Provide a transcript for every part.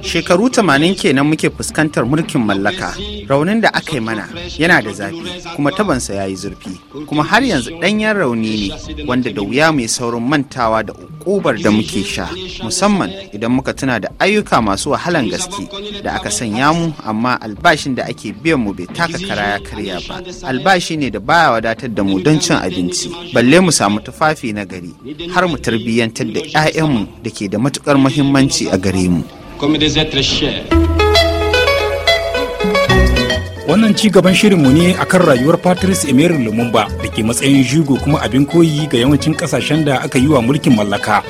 Shekaru tamanin kenan muke fuskantar mulkin mallaka, raunin da aka yi mana yana da zafi kuma tabansa ya yi zurfi, kuma har yanzu ɗanyen rauni ne wanda da wuya mai saurin mantawa da ukubar da muke sha, musamman idan muka tuna da ayyuka masu wahalan gaske da aka sanya mu amma albashin da ake biyan mu bai taka kara ya karya ba. Albashi ne da baya wadatar da mu don cin abinci, balle mu samu tufafi na gari har mu tarbiyyantar da 'ya'yanmu da ke da matuƙar matukar muhimmanci a gare mu wannan ci gaban shirinmu ne akan rayuwar patrice emery lumumba da ke matsayin jugo kuma abin koyi ga yawancin kasashen da aka yi wa mulkin mallaka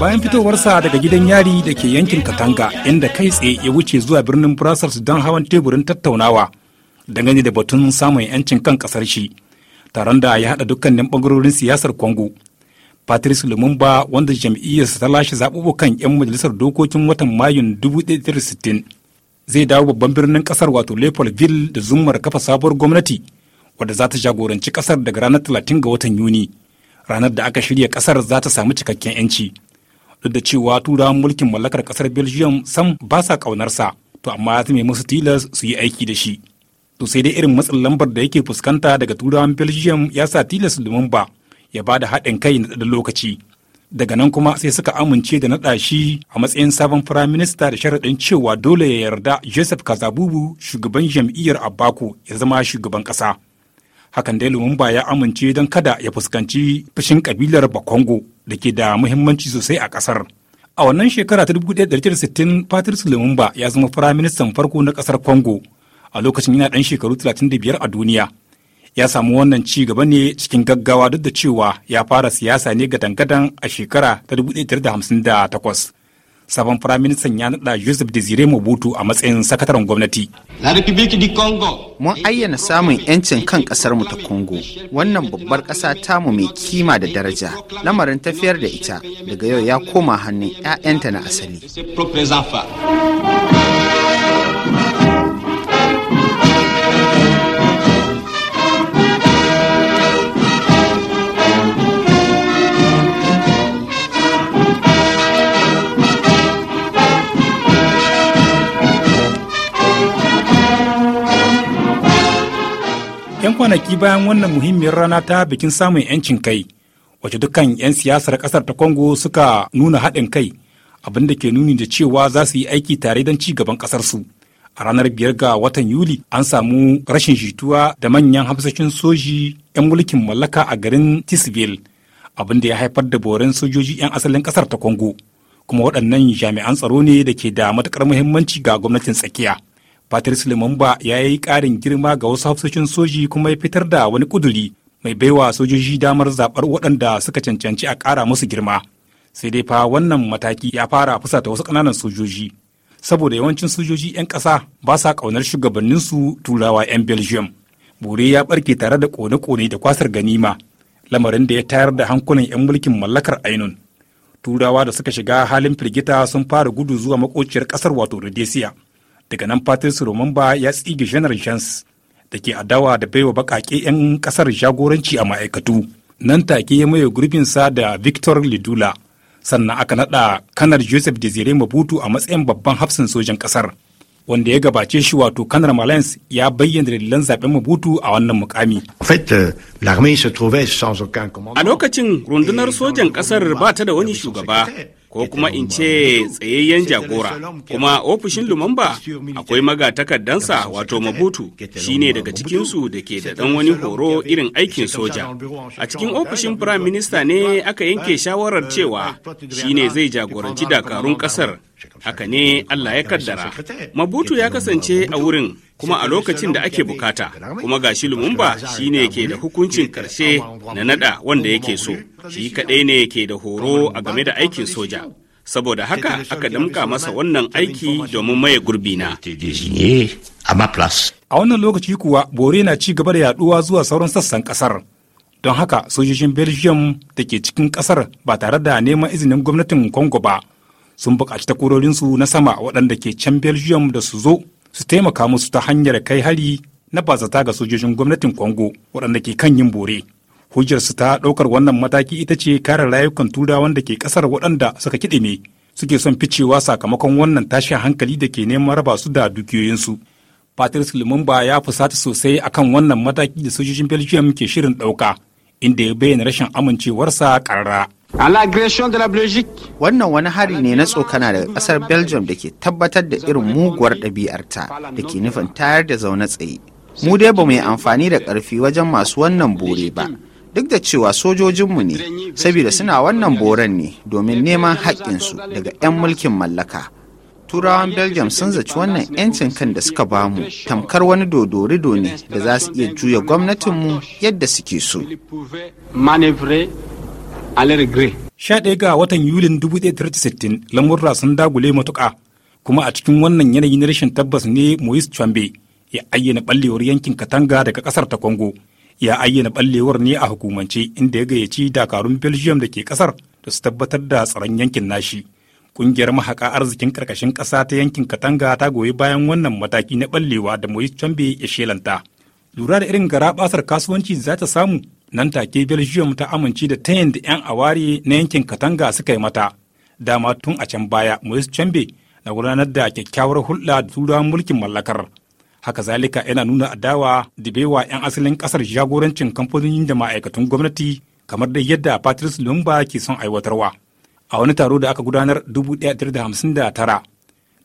bayan fitowarsa daga gidan yari da ke yankin katanga inda kai tsaye ya wuce zuwa birnin brussels don hawan teburin tattaunawa dangane da batun samun 'yancin kan kasar shi taron da ya haɗa dukkanin ɓangarorin siyasar Congo. Patrice Lumumba wanda jam'iyyarsa ta lashe zaɓuɓɓukan 'yan majalisar dokokin watan Mayun 1960 zai dawo babban birnin ƙasar wato Leopoldville da zummar kafa sabuwar gwamnati wadda za ta jagoranci ƙasar daga ranar 30 ga watan Yuni. Ranar da aka shirya ƙasar za ta samu cikakken 'yanci. Duk da cewa turawan mulkin mallakar ƙasar Belgium sam ba sa ƙaunarsa, to amma ya zame musu tilas su yi aiki da shi. to sai dai irin matsin lambar da yake fuskanta daga turawan belgium ya sa tilas lumumba ya ba da haɗin kai na ɗan lokaci daga nan kuma sai suka amince da naɗa shi a matsayin sabon firaminista da sharaɗin cewa dole ya yarda joseph kazabubu shugaban jam'iyyar abako ya zama shugaban ƙasa hakan dai lumumba ya amince don kada ya fuskanci fushin kabilar bakongo da ke da muhimmanci sosai a ƙasar a wannan shekara ta 1960 patrice lumumba ya zama firaministan farko na ƙasar congo a lokacin yana ɗan shekaru 35 a duniya ya samu wannan ci gaba ne cikin gaggawa duk da cewa ya fara siyasa ne gadan-gadan a shekara ta 1958 sabon firaministan ya naɗa Joseph Desire Mobutu a matsayin sakataren gwamnati. Mun ayyana samun 'yancin kan mu ta Congo, wannan babbar ƙasa mu mai kima da daraja, lamarin tafiyar da ita daga yau ya koma hannun 'ya'yanta na asali. kwanaki bayan wannan muhimmiyar rana ta bikin samun 'yancin kai wacce dukkan 'yan siyasar kasar ta congo suka nuna haɗin kai abin da ke nuni da cewa za su yi aiki tare don ci gaban ƙasarsu a ranar biyar ga watan yuli an samu rashin jituwa da manyan hafsashin soji 'yan mulkin mallaka a garin tisville abin da ya haifar da boren sojoji 'yan asalin kasar ta congo kuma waɗannan jami'an tsaro ne da ke da matukar muhimmanci ga gwamnatin tsakiya Patrice Lumumba ya yi ƙarin girma ga wasu hafsoshin soji kuma ya fitar da wani kuduri mai baiwa sojoji damar zaɓar waɗanda suka cancanci a ƙara musu girma. Sai dai fa wannan mataki ya fara fusata wasu ƙananan sojoji. Saboda yawancin sojoji 'yan ƙasa ba sa ƙaunar shugabanninsu turawa 'yan Belgium. Bore ya ɓarke tare da ƙone-ƙone da kwasar ganima, lamarin da ya tayar da hankulan 'yan mulkin mallakar ainun. Turawa da suka shiga halin firgita sun fara gudu zuwa maƙociyar ƙasar wato Rhodesia. daga nan patrice ba ya tsige janar jans da ke adawa da baiwa baƙaƙe 'yan kasar jagoranci a ma'aikatu nan take ya maye gurbinsa da victor lidula sannan aka nada kanar joseph desire mabutu a matsayin babban hafsin sojan kasar wanda ya gabace shi wato kanar malens ya bayyana dalilan zaben mabutu a wannan mukami. Euh, a lokacin rundunar sojan kasar ba ta da wani shugaba ko kuma in ce tsayayyen jagora kuma ofishin lumumba akwai magatakardansa wato mabutu shine daga cikinsu da ke da dan wani horo irin aikin soja a cikin ofishin firaminista minister ne aka yanke shawarar cewa shine zai jagoranci dakarun kasar Haka ne Allah ya kaddara. Mabutu ya kasance a wurin kuma a lokacin da ake bukata, kuma gashi Lumumba shi ne ke da hukuncin karshe na nada wanda yake so, shi kaɗai ne ke da horo a game da aikin soja. Saboda haka aka damka masa wannan aiki domin maye gurbi gurbina. A wannan lokaci kuwa bore na ci gaba da yaduwa zuwa sauran sassan kasar. Don haka sojojin Belgium da ke cikin kasar ba tare da neman izinin gwamnatin Congo ba. sun buƙaci takurorinsu na sama waɗanda ke can belgium da su zo su taimaka musu ta hanyar kai hari na bazata ga sojojin gwamnatin congo waɗanda ke kan yin bore hujjar su ta ɗaukar wannan mataki ita ce kare rayukan turawan da ke ƙasar waɗanda suka kiɗe ne suke son ficewa sakamakon wannan tashin hankali da ke neman raba su da dukiyoyinsu patrice lumumba ya fusata sosai akan wannan mataki da sojojin belgium ke shirin ɗauka inda ya bayyana rashin amincewarsa ƙarara Wannan wani hari ne na tsokana daga ƙasar Belgium da ke tabbatar da irin muguwar ɗabi'arta da ke nufin tayar da zaune tsaye. Mu dai ba mu yi amfani da ƙarfi wajen masu wannan bore ba, duk da cewa sojojinmu ne, saboda suna wannan boren ne domin neman haƙƙinsu daga 'yan mulkin mallaka. Turawan Belgium sun zaci wannan 'yancin kan da suka bamu tamkar wani dodorido ne da za su iya juya gwamnatinmu yadda suke so. alain Gray. Sha ɗaya ga watan Yulin 1960 lamurra sun dagule matuƙa kuma a cikin wannan yanayi na rashin tabbas ne Moise Chombe ya ayyana ɓallewar yankin Katanga daga ƙasar ta Congo. Ya ayyana ɓallewar ne a hukumance inda ya gayyaci dakarun Belgium da ke ƙasar da su tabbatar da tsaron yankin nashi. Ƙungiyar mahaƙa arzikin ƙarƙashin ƙasa ta yankin Katanga ta goyi bayan wannan mataki na ɓallewa da Moise Chombe ya shelanta. Lura da irin garaɓasar kasuwanci za ta samu nan take belgium ta amince da ta da 'yan awari na yankin katanga suka yi mata dama tun a can baya moise chambe na gudanar da kyakkyawar hulɗa da turawan mulkin mallakar haka zalika yana nuna adawa da baiwa 'yan asalin ƙasar jagorancin kamfanonin da ma'aikatan gwamnati kamar da yadda patrice lumba ke son aiwatarwa a wani taro da aka gudanar tara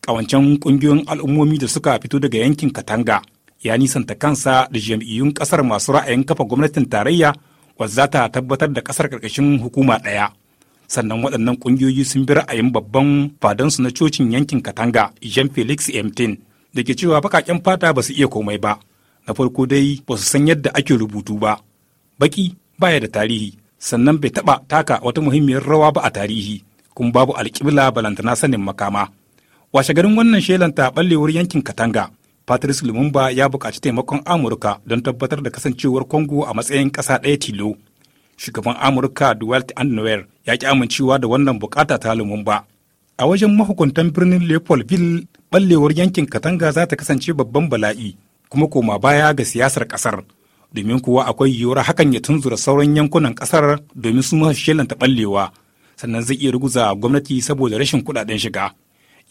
ƙawancen ƙungiyoyin al'ummomi da suka fito daga yankin katanga ya nisanta kansa da jam'iyyun kasar masu ra'ayin kafa gwamnatin tarayya wadda ta tabbatar da kasar karkashin hukuma ɗaya sannan waɗannan ƙungiyoyi sun bi ra'ayin babban fadansu na cocin yankin katanga jean felix emtin da ke cewa baƙaƙen fata ba su iya komai ba na farko dai ba su san yadda ake rubutu ba baki baya da tarihi sannan bai taɓa taka wata muhimmiyar rawa ba a tarihi kuma babu alƙibla balantana sanin makama washe garin wannan shelanta ɓallewar yankin katanga Patrice Lumumba ya bukaci taimakon Amurka don tabbatar da kasancewar Congo a matsayin ƙasa ɗaya tilo. Shugaban Amurka Dwight Eisenhower ya ki amincewa da wannan bukata ta Lumumba. A wajen mahukuntan birnin Leopoldville, ɓallewar yankin Katanga za ta kasance babban bala'i kuma koma baya ga siyasar ƙasar. Domin kuwa akwai yiwuwar hakan ya tunzura sauran yankunan ƙasar domin su ma shelanta ɓallewa, sannan zai iya ruguza gwamnati saboda rashin kuɗaɗen shiga.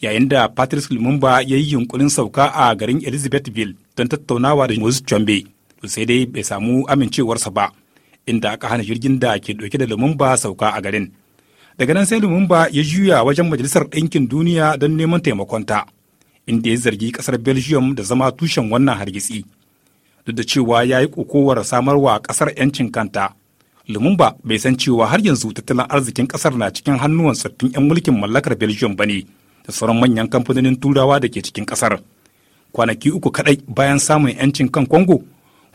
yayin da Patrice Lumumba ya yi yunkurin sauka a garin Elizabethville don tattaunawa da Moses Chombe, to sai dai bai samu amincewarsa ba, inda aka hana jirgin da ke ɗauke da Lumumba sauka a garin. Daga nan sai Lumumba ya juya wajen Majalisar Ɗinkin Duniya don neman taimakonta, inda ya zargi ƙasar Belgium da zama tushen wannan hargitsi. Duk da cewa ya yi kokowar samarwa ƙasar 'yancin kanta, Lumumba bai san cewa har yanzu tattalin arzikin ƙasar na cikin hannuwan tsoffin 'yan mulkin mallakar Belgium ba ne. da sauran manyan kamfanonin turawa da ke cikin kasar kwanaki uku kadai bayan samun 'yancin kan kongo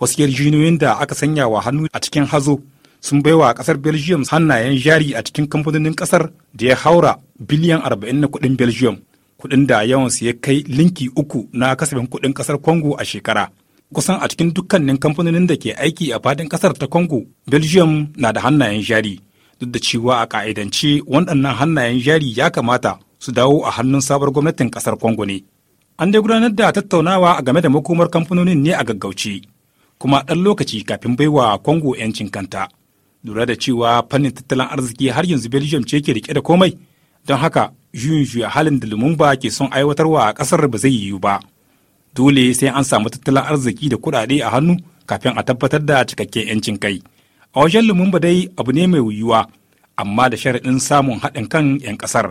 wasu yarjinoyin da aka sanya wa hannu a cikin hazo sun baiwa kasar belgium hannayen jari a cikin kamfanonin kasar da ya haura biliyan arba'in na kudin belgium kudin da yawan su ya kai linki uku na kasafin kudin kasar congo a shekara kusan a cikin dukkanin kamfanonin da ke aiki a fadin kasar ta kongo belgium na da hannayen jari duk da cewa a ka'idance waɗannan hannayen jari ya kamata su dawo a hannun sabuwar gwamnatin kasar Congo ne. An dai gudanar da tattaunawa a game da makomar kamfanonin ne a gaggauci. kuma ɗan lokaci kafin baiwa Congo 'yancin kanta. Lura da cewa fannin tattalin arziki har yanzu Belgium ce ke rike da komai, don haka juyin juya halin da Lumumba ke son aiwatarwa a ƙasar ba zai yiwu ba. Dole sai an samu tattalin arziki da kuɗaɗe a hannu kafin a tabbatar da cikakken 'yancin kai. A wajen Lumumba dai abu ne mai wuyuwa, amma da sharaɗin samun haɗin kan 'yan ƙasar.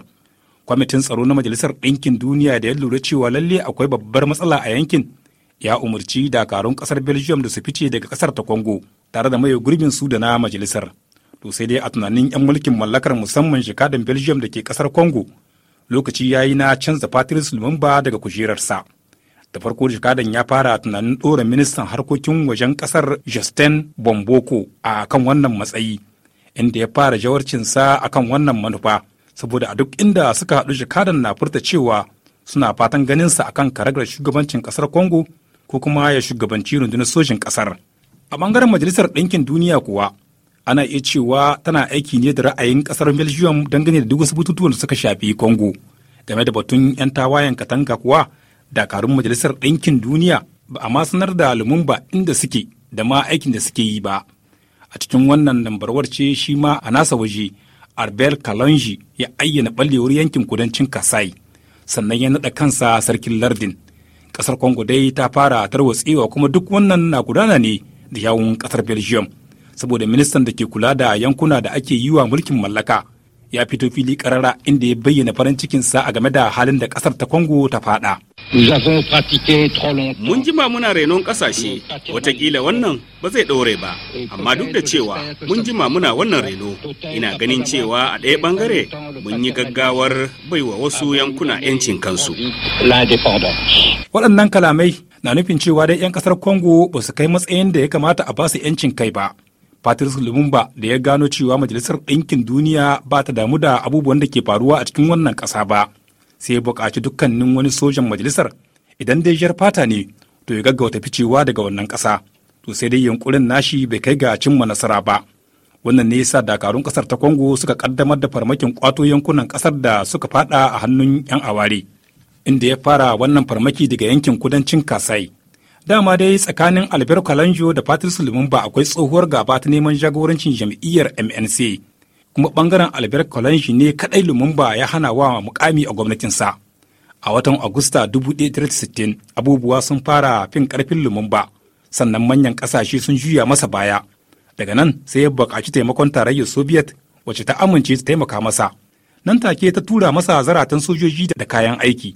kwamitin tsaro na majalisar ɗinkin duniya da ya lura cewa lalle akwai babbar matsala a yankin ya umarci dakarun ƙasar belgium da su fice daga ƙasar ta congo tare da maye gurbin su da na majalisar to sai dai a tunanin 'yan mulkin mallakar musamman jikadan belgium da ke ƙasar congo lokaci ya yi na canza patrice lumumba daga kujerarsa da farko jikadan ya fara tunanin ɗora ministan harkokin wajen ƙasar justin bomboko a kan wannan matsayi inda ya fara jawarcinsa kan wannan manufa saboda a duk inda suka haɗu jakadan na furta cewa suna fatan ganinsa a kan karagar shugabancin ƙasar congo ko kuma ya shugabanci rundunar sojin ƙasar a ɓangaren majalisar ɗinkin duniya kuwa ana iya cewa tana aiki ne da ra'ayin ƙasar belgium dangane da duk wasu bututuwan da suka shafi congo game da batun 'yan tawayen katanga kuwa dakarun majalisar ɗinkin duniya ba a ma sanar da lumumba inda suke da ma aikin da suke yi ba a cikin wannan lambarwar ce shi ma a nasa waje arbel kalonji ya ayyana ɓallewar yankin kudancin kasai sannan ya naɗa kansa sarkin lardin ƙasar congo dai ta fara tarwatsewa kuma duk wannan na gudana ne da yawun ƙasar belgium saboda ministan da ke kula da yankuna da ake yi wa mulkin mallaka ya fito fili karara inda ya bayyana farin sa a game da halin da kasar ta Congo ta fada. Mun jima muna renon kasashe, watakila wannan ba zai ɗore ba, amma duk da cewa mun jima muna wannan reno, ina ganin cewa a ɗaya ɓangare mun yi gaggawar baiwa wasu yankuna 'yancin kansu. Waɗannan kalamai na nufin cewa dai 'yan kasar Congo ba su kai matsayin da ya kamata a ba su 'yancin kai ba. Patrice Lumumba da ya gano cewa Majalisar Ɗinkin Duniya ba ta damu da abubuwan da ke faruwa a cikin wannan ƙasa ba, sai ya buƙaci dukkanin wani sojan majalisar idan dai jar fata ne to ya gaggauta ficewa daga wannan ƙasa. To sai dai yunƙurin nashi bai kai ga cimma nasara ba. wannan ne yasa dakarun ƙasar ta congo suka ƙaddamar da farmakin ƙwato yankunan ƙasar da suka faɗa a hannun yan aware inda ya fara wannan farmaki daga yankin kudancin kasai dama dai tsakanin albert kalanjo da patrice lumumba akwai tsohuwar gaba ta neman jagorancin jam'iyyar mnc kuma bangaren albert kwalanji ne kadai lumumba ya hana wa mukami a gwamnatinsa a watan agusta 1960 abubuwa sun fara fin karfin lumumba sannan manyan kasashe sun juya masa baya daga nan sai ya bukaci taimakon tarayyar soviet wacce ta amince ta taimaka masa nan take ta tura masa zaratan sojoji da kayan aiki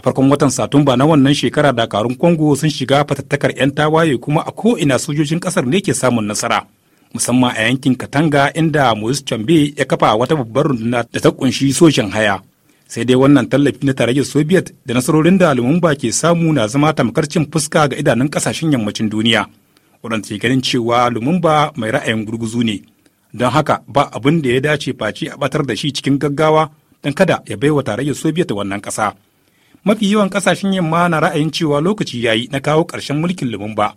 a farkon watan satumba na wannan shekara dakarun congo sun shiga fatattakar 'yan tawaye kuma a ko'ina sojojin kasar ne ke samun nasara musamman a yankin katanga inda moise chambe ya kafa wata babbar runduna da ta kunshi sojan haya sai dai wannan tallafi na tarayyar soviet da nasarorin da lumumba ke samu na zama tamkar cin fuska ga idanun kasashen yammacin duniya waɗanda ke ganin cewa lumumba mai ra'ayin gurguzu ne don haka ba abin da ya dace face a batar da shi cikin gaggawa don kada ya baiwa tarayyar soviet wannan ƙasa. mafi yawan kasashen yamma na ra'ayin cewa lokaci ya yi na kawo ƙarshen mulkin lumumba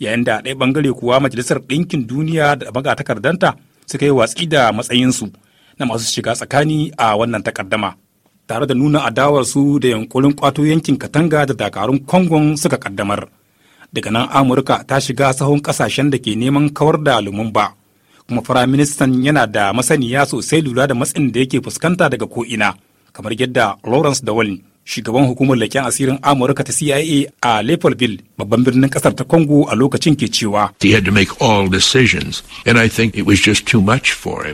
yayin da ɗaya ɓangare kuwa majalisar ɗinkin duniya da magatakardanta suka yi watsi da matsayinsu na masu shiga tsakani a wannan takaddama tare da nuna adawarsu da yankulin kwato yankin katanga da dakarun kongon suka kaddamar daga nan amurka ta shiga sahun kasashen da ke neman kawar da lumumba kuma firaministan yana da masaniya sosai lura da matsin da yake fuskanta daga ko'ina kamar yadda lawrence dawalin shugaban hukumar leken asirin amurka ta cia a Libreville babban birnin kasar ta congo a lokacin ke cewa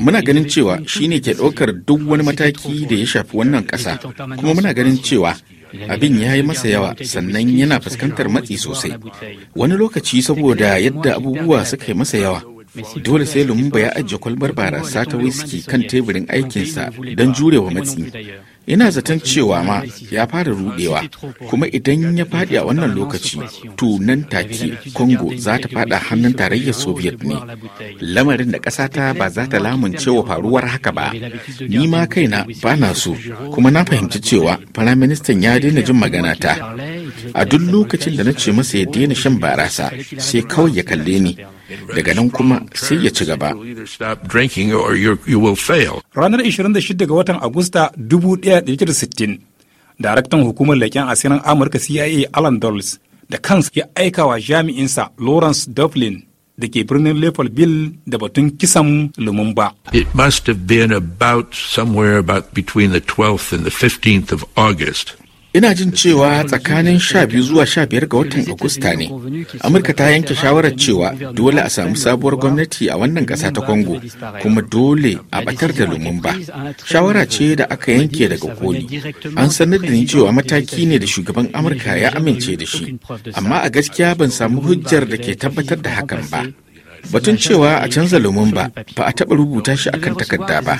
muna ganin cewa shine ke ɗaukar duk wani mataki da ya shafi wannan ƙasa kuma muna ganin cewa abin ya yi masa yawa sannan yana fuskantar matsi sosai wani lokaci saboda yadda abubuwa suka yi masa yawa dole sai lumumba ya ajiye kwalbar barasa ta wiski kan teburin aikinsa don jurewa matsi ina zaton cewa ma ya fara rudewa kuma idan ya fadi a wannan lokaci tunan nan take congo za ta fada hannun tarayyar soviet ne lamarin da ƙasata ba za ta lamuncewa faruwar haka ba ni ma kaina ba na so kuma na fahimci cewa firaministan ya daina jin magana ta a duk lokacin da na ce masa ya daina shan barasa sai kawai ya kalle ni daga nan kuma sai ya ci gaba. Ranar 26 ga watan Agusta 1960, daraktan hukumar leƙen asirin Amurka CIA Alan Dulles da kansa ya aika wa jami'insa Lawrence Dublin da ke birnin bill da batun kisan Lumumba. It must have been about somewhere about between the 12th and the 15th of August. ina jin cewa tsakanin 12 zuwa 15 ga watan agusta ne amurka ta yanke shawarar cewa dole a samu sabuwar gwamnati a wannan ƙasa ta kongo kuma dole a batar da lumumba shawara ce da aka yanke daga koli an sanar da ni cewa mataki ne da shugaban amurka ya amince da shi amma a gaskiya ban samu hujjar da ke tabbatar da hakan ba Batun cewa a canza Lumumba ba ba a taɓa rubuta shi akan takarda ba.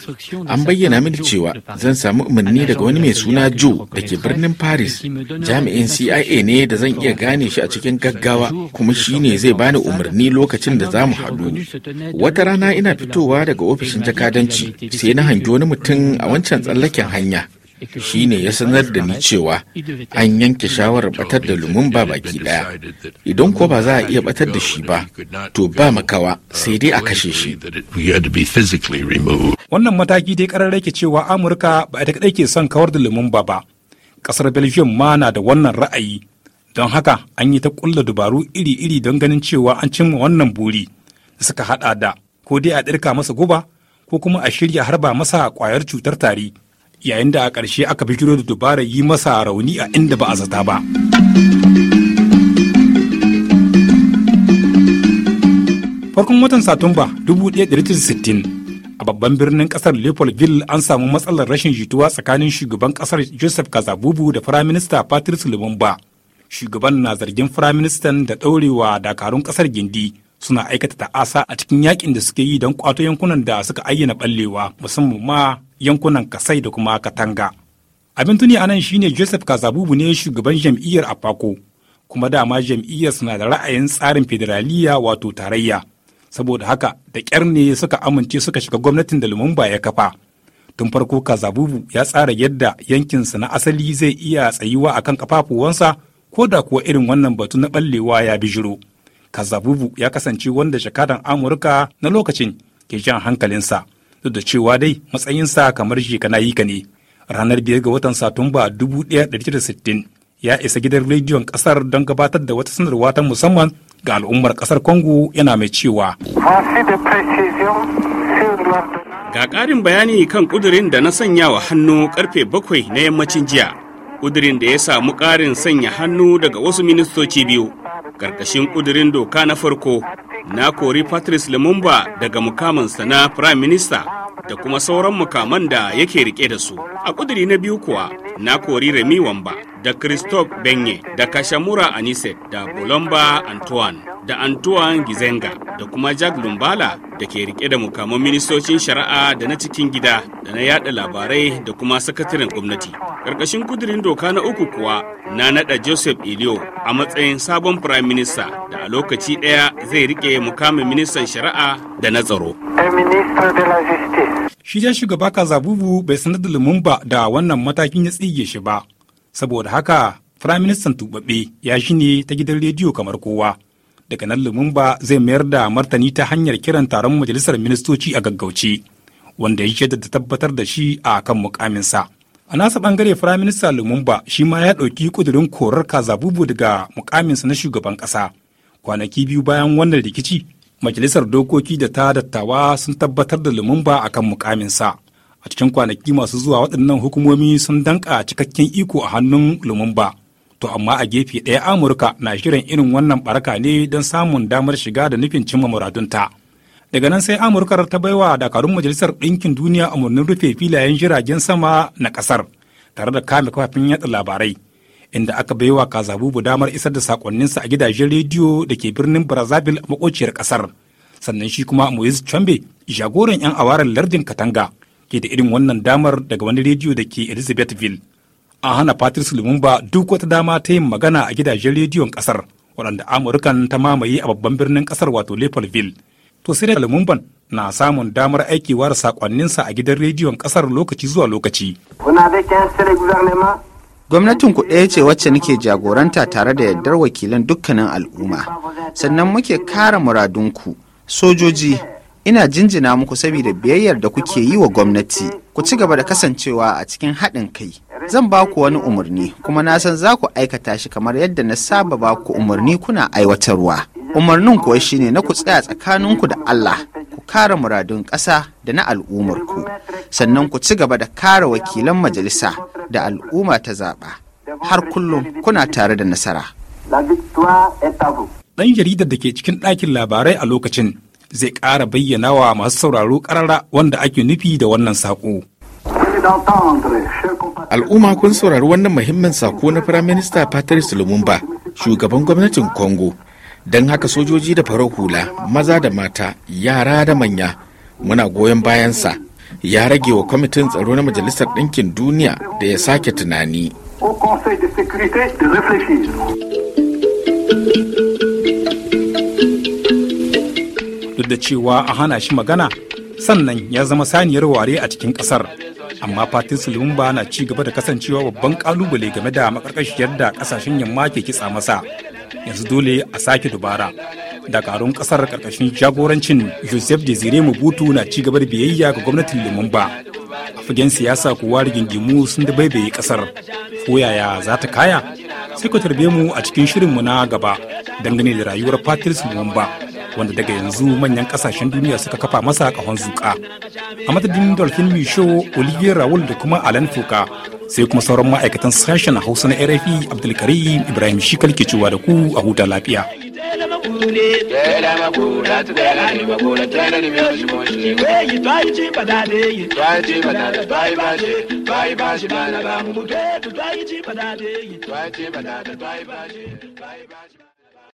An bayyana mini cewa zan samu umarni daga wani mai suna Joe da ke birnin Paris. Jami'in CIA ne da zan iya gane shi a cikin gaggawa kuma shi ne zai bani umarni lokacin da za mu haɗu. Wata rana ina fitowa daga ofishin jakadanci sai na hangi wani mutum a wancan tsallaken hanya. shi ne ya sanar da ni cewa an yanke shawarar batar da lumumba baki daya idan ko ba za a iya batar da shi ba to ba makawa sai dai a kashe shi wannan mataki dai karar rake cewa amurka ba ita kadai ke son kawar da lumumba ba kasar belgium ma na da wannan ra'ayi don haka an yi ta kulla dubaru iri-iri don ganin cewa an cimma wannan buri da suka hada da ko dai a ɗirka masa guba ko kuma a shirya harba masa kwayar cutar tari yayin da a ƙarshe aka bijiro da dubarar yi masa rauni a inda ba a zata ba. Farkon watan Satumba 1960 a babban birnin ƙasar Leopoldville an samu matsalar rashin jituwa tsakanin shugaban ƙasar Joseph Kazabubu da Firaminista Patrice Lumumba. Shugaban na zargin Firaministan da ɗaurewa dakarun ƙasar gindi suna aikata ta'asa a cikin yakin da suke yi don kwato yankunan da suka ayyana ɓallewa musamman ma yankunan kasai da kuma katanga abin tuni a anan shine joseph kazabubu ne shugaban jam'iyyar afako kuma dama jam'iyyar suna da ra'ayin tsarin federaliya wato tarayya saboda haka da kyar ne suka amince suka shiga gwamnatin da lumumba ya kafa tun farko kazabubu ya tsara yadda yankinsa na asali zai iya tsayuwa akan kafafuwansa ko da kuwa irin wannan batu na ɓallewa ya bijiro kazabubu ya kasance wanda jakadan amurka na lokacin ke jan hankalinsa duk da cewa dai matsayinsa kamar shekana yika ne ranar biyar ga watan satumba 1960 ya isa gidan rediyon kasar don gabatar da wata sanarwa ta musamman ga al'ummar kasar congo yana mai cewa ga ƙarin bayani kan ƙudurin da na sanya wa hannu karfe bakwai na yammacin jiya ƙudurin da ya samu ƙarin sanya hannu daga wasu ministoci biyu ƙarƙashin ƙudurin doka na farko na kori Patrice Lumumba daga mukaminsa na Prime Minister da kuma sauran mukaman da yake rike da su. A ƙuduri na biyu kuwa na kori Remi Wamba da Christophe Benye da Kashamura Anise da Bolomba Antoine. da Antoine Gizenga da kuma Jack Lumbala da ke rike da mukamman ministocin shari'a da na cikin gida da na yada labarai da kuma sakataren gwamnati. Karkashin kudirin doka na uku kuwa na nada Joseph elio a matsayin sabon Prime Minister da a lokaci daya zai rike mukamin ministan shari'a da na tsaro. Shi dai shugaba Kazabubu bai sanar da Lumumba da wannan matakin ya tsige shi ba. Saboda haka, Firaministan tuɓaɓe ya shi ne ta gidan rediyo kamar kowa. daga nan lumumba zai mayar da martani ta hanyar kiran taron majalisar ministoci a gaggauci wanda ya da tabbatar da shi a kan mukaminsa a nasa bangare minista lumumba shi ma ya ɗauki ƙudurin korar kaza bubu daga mukaminsa na shugaban ƙasa kwanaki biyu bayan wannan rikici majalisar dokoki da ta dattawa sun tabbatar da lumumba a kan mukaminsa a cikin kwanaki masu zuwa waɗannan hukumomi sun danƙa cikakken iko a hannun lumumba To amma a gefe ɗaya Amurka na shirin irin wannan ɓaraka ne don samun damar shiga da nufin cimma muradunta. Daga nan sai Amurkar ta baiwa dakarun Majalisar Ɗinkin Duniya umarnin rufe filayen jiragen sama na ƙasar tare da kame kafafen yatsa labarai. Inda aka baiwa kazabubu damar isar da sakonninsa a gidajen rediyo da ke birnin Brazzaville a makociyar ƙasar. Sannan shi kuma Moise Chambe jagoran 'yan awarar lardin Katanga ke da irin wannan damar daga wani rediyo da ke Elizabethville. a hana patrice lumumba duk wata dama ta yin magana a gidajen rediyon kasar waɗanda amurkan ta mamaye a babban birnin kasar wato leopoldville to sai da lumumban na samun damar aiki da sakonninsa a gidan rediyon kasar lokaci zuwa lokaci gwamnatin ku ɗaya ce wacce nake jagoranta tare da yardar wakilan dukkanin al'umma sannan muke kare muradunku sojoji ina jinjina muku saboda biyayyar da kuke yi wa gwamnati ku ci gaba da kasancewa a cikin haɗin kai zan ba ku wani umarni kuma na san za ku aikata shi kamar yadda na saba ba ku umarni kuna aiwatarwa umarnin kuwa shine na ku tsaya tsakaninku da Allah ku kare muradun ƙasa da na al'ummarku sannan ku ci gaba da kare wakilan majalisa da al'umma ta zaɓa har kullum kuna tare da nasara. Ɗan jaridar da ke cikin ɗakin labarai a lokacin zai ƙara bayyana wa masu sauraro ƙarara wanda ake nufi da wannan saƙo. Al'umma kun saurari wannan muhimmin sako na Firaminista Patrice Lumumba, shugaban gwamnatin Congo. Don haka sojoji da farar hula, maza da mata, yara da manya, muna goyon bayansa. Ya rage wa kwamitin tsaro na Majalisar Ɗinkin Duniya da ya sake tunani. Duk da cewa a hana shi magana, sannan ya zama saniyar ware a cikin ƙasar. amma Patrice Lumumba na ci gaba da kasancewa babban kalubale game da makarkashiyar da kasashen yamma ke kitsa masa. Yanzu dole a sake dubara. Dakarun kasar karkashin jagorancin Joseph Desire Mobutu na ci gaba da biyayya ga gwamnatin Lumumba. A fagen siyasa kuwa rigingimu sun da baibaye kasar. Ko yaya za ta kaya? Sai ku tarbe mu a cikin shirin mu na gaba dangane da rayuwar Patrice Lumumba. wanda daga yanzu manyan kasashen duniya suka kafa masa kahon zuka a madadin dolphin misho olivier raul da kuma alan fuka sai kuma sauran ma'aikatan sashen hausa na rfi abdulkarim ibrahim shikal ke cewa da ku a huta lafiya